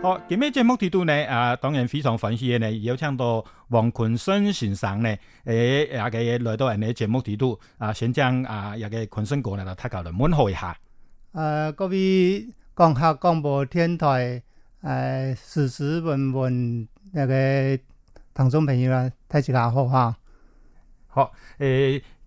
好、哦，今日節目睇到呢，啊，當然非常歡喜嘅呢，有請到黃坤盛先生呢，誒、啊，阿佢來到我哋節目睇到，啊，先將啊，阿個坤盛過嚟啦，太舊啦，問候一下。啊、呃，各位講客廣播電台誒、呃，時事文文阿個聽眾朋友啊，睇住下好哈。好、哦，誒、欸。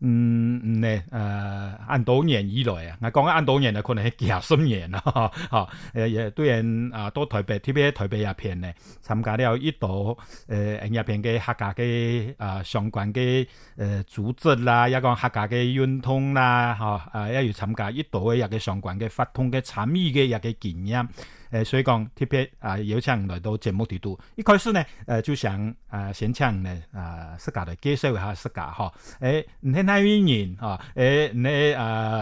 嗯，嗯，呢，呃，按多年以來啊，totally, 我講一按多年就可能係幾十年咯，嚇誒，當然啊，都台北，特別係台北一片咧，參加到一啲誒一片嘅客家嘅啊相關嘅呃，組織啦，一個客家嘅聯通啦，哈、uh,，呃，一要參加一啲嘅相關嘅發通嘅參與嘅一個基因。誒、呃，所以講特別啊有請來到節目地度，一開始呢誒、呃、就想誒、呃、先請呢誒識家來介紹一下自家哈，誒你係邊人哈，誒、啊，你、呃、誒、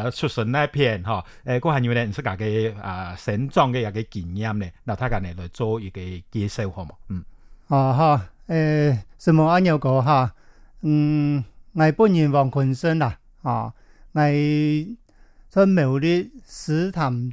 呃、出身那片，哈、啊，誒，嗰下要呢識家嘅誒成長嘅一個經驗呢，那他敢你嚟做一個介紹。好冇？嗯，啊好，誒、呃，先冇啱要講嚇，嗯，𠊎 本人黃坤盛啦，啊，𠊎 在某啲時談。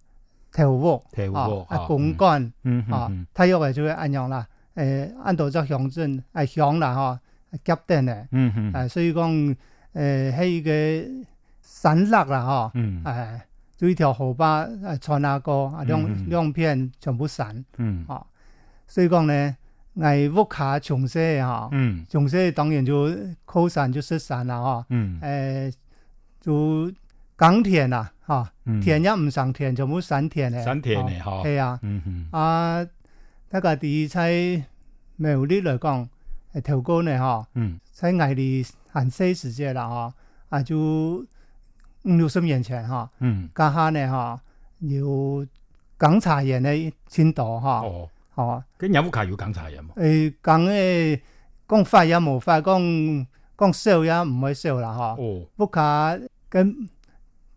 頭屋、哦、啊，公館嗯，啊，嗯嗯、太育位就係咁樣啦。誒、欸，按到隻鄉鎮，啊鄉啦，嚇，啊急定嘅。嗯嗯。誒、啊，所以講誒喺個散落啦，嚇、啊。嗯。誒、啊，做一條河巴誒穿下過啊，兩、嗯、兩片全部散。嗯。嚇、啊，所以講咧，捱屋下重些嚇、啊。嗯。重些當然就靠散就失散啦，嚇、啊。嗯。誒、啊，就。耕田啊，嚇，田也唔上田就冇生田咧。生田咧，嚇，係啊。啊，大概在咩嘢嚟講，喺頭哥咧，嚇，喺外地行世時節啦，嚇，啊就五六十年前，嚇，家下咧，嚇，要檢查人咧，先到嚇。哦，嚇，跟有冇卡要檢查嘅冇？誒，咁誒，講發也冇發，講講燒也唔會燒啦，嚇。哦，卡跟。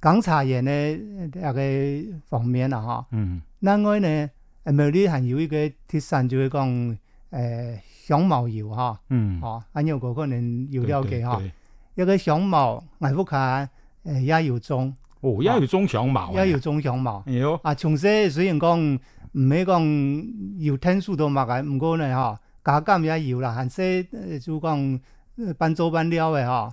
港茶葉咧，有個方面啦，哈。嗯。另外呢，咪呢還有一個特產，就係講，呃，香茅油，哈。嗯。哦，阿你有冇可能有了解哈？哈。一個香茅，艾福卡，誒，也有種。哦，也有種香茅。也有種香茅。有、哎。啊，從細雖然講唔係講要天數都買，唔過咧，哈，價格咪有啦，係、呃、些，就講半做半料的哈。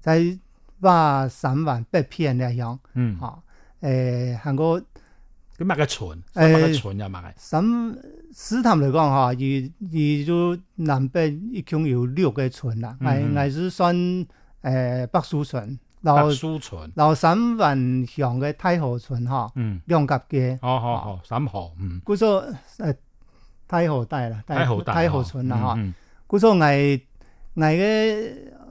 在話三萬八片那樣嚇，誒行過佢買個村，買個村又買。三市談來講嚇，以以就南北一共有六個村啦，係、嗯、係算誒、呃、北蘇村，然後蘇村，然後三萬鄉嘅太和村嗯，兩甲街，好好好，三河，嗯，故說，誒、呃，太和大啦，太和大，太，太，村太和村啦嚇，故、嗯、說係係嘅。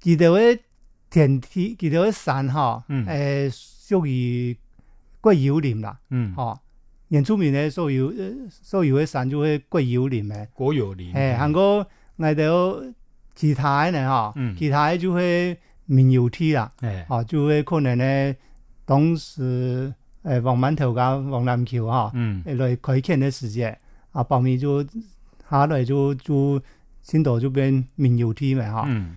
記得一田地，記得一山哈、哦，誒屬於國有林啦，嚇、嗯哦，原住民咧、呃，所有所有嘅山就係國有林誒，國有林誒，行、嗯、過嚟到其他嘅嚇、嗯，其他嘅就係民有地啦，嚇、嗯啊，就會可能咧當時誒黃萬頭甲黃南橋嚇、哦，嗯、來開闢誒時節，啊，包麪就下來就，就新島嗰邊民有地咩嚇。啊嗯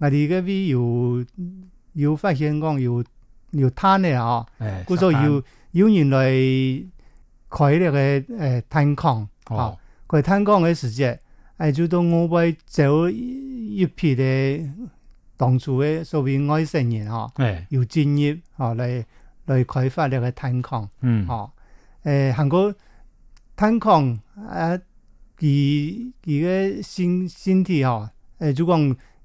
我哋嗰邊有有發現講有有攤咧嗬，故作有有人來開咧個誒探礦，吓佢探礦嘅時節，係就到我要走一批嘅當初嘅所謂外省人嗬，誒有專業吓嚟嚟開發呢個探礦，嗯，吓、哎、誒韓國探礦，啊，其其個身身體吓，誒就講。呃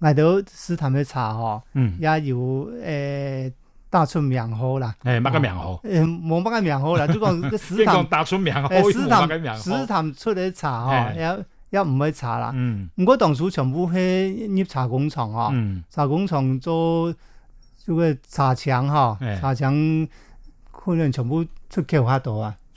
挨到斯坦的茶、哦、嗯，也有誒打出名號啦。誒、欸，乜嘅名號？誒、哦，冇乜嘅名號啦，就講個斯坦打出 名。誒，斯坦，斯坦出的茶嗬、哦欸，也也唔去查啦。嗯，我過當初全部去入茶工廠哦、嗯，茶工廠做做個、就是、茶廠嗬、哦欸，茶廠可能全部出口得多啊。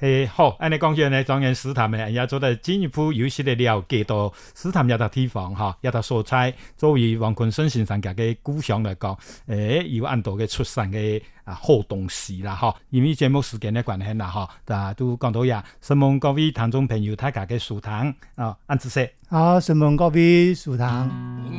誒，好，安尼講住咧，狀元寺壇啊，又做的進一步有些的了解到寺壇一笪地方，哈要笪所在。作為黃坤盛先生嘅故鄉來講，誒有按多嘅出神嘅啊好東西啦，哈，因為節目時間的關係啦，哈，都講到呀。希望各位聽眾朋友他下嘅書堂啊，安住先。啊，希望各位書堂。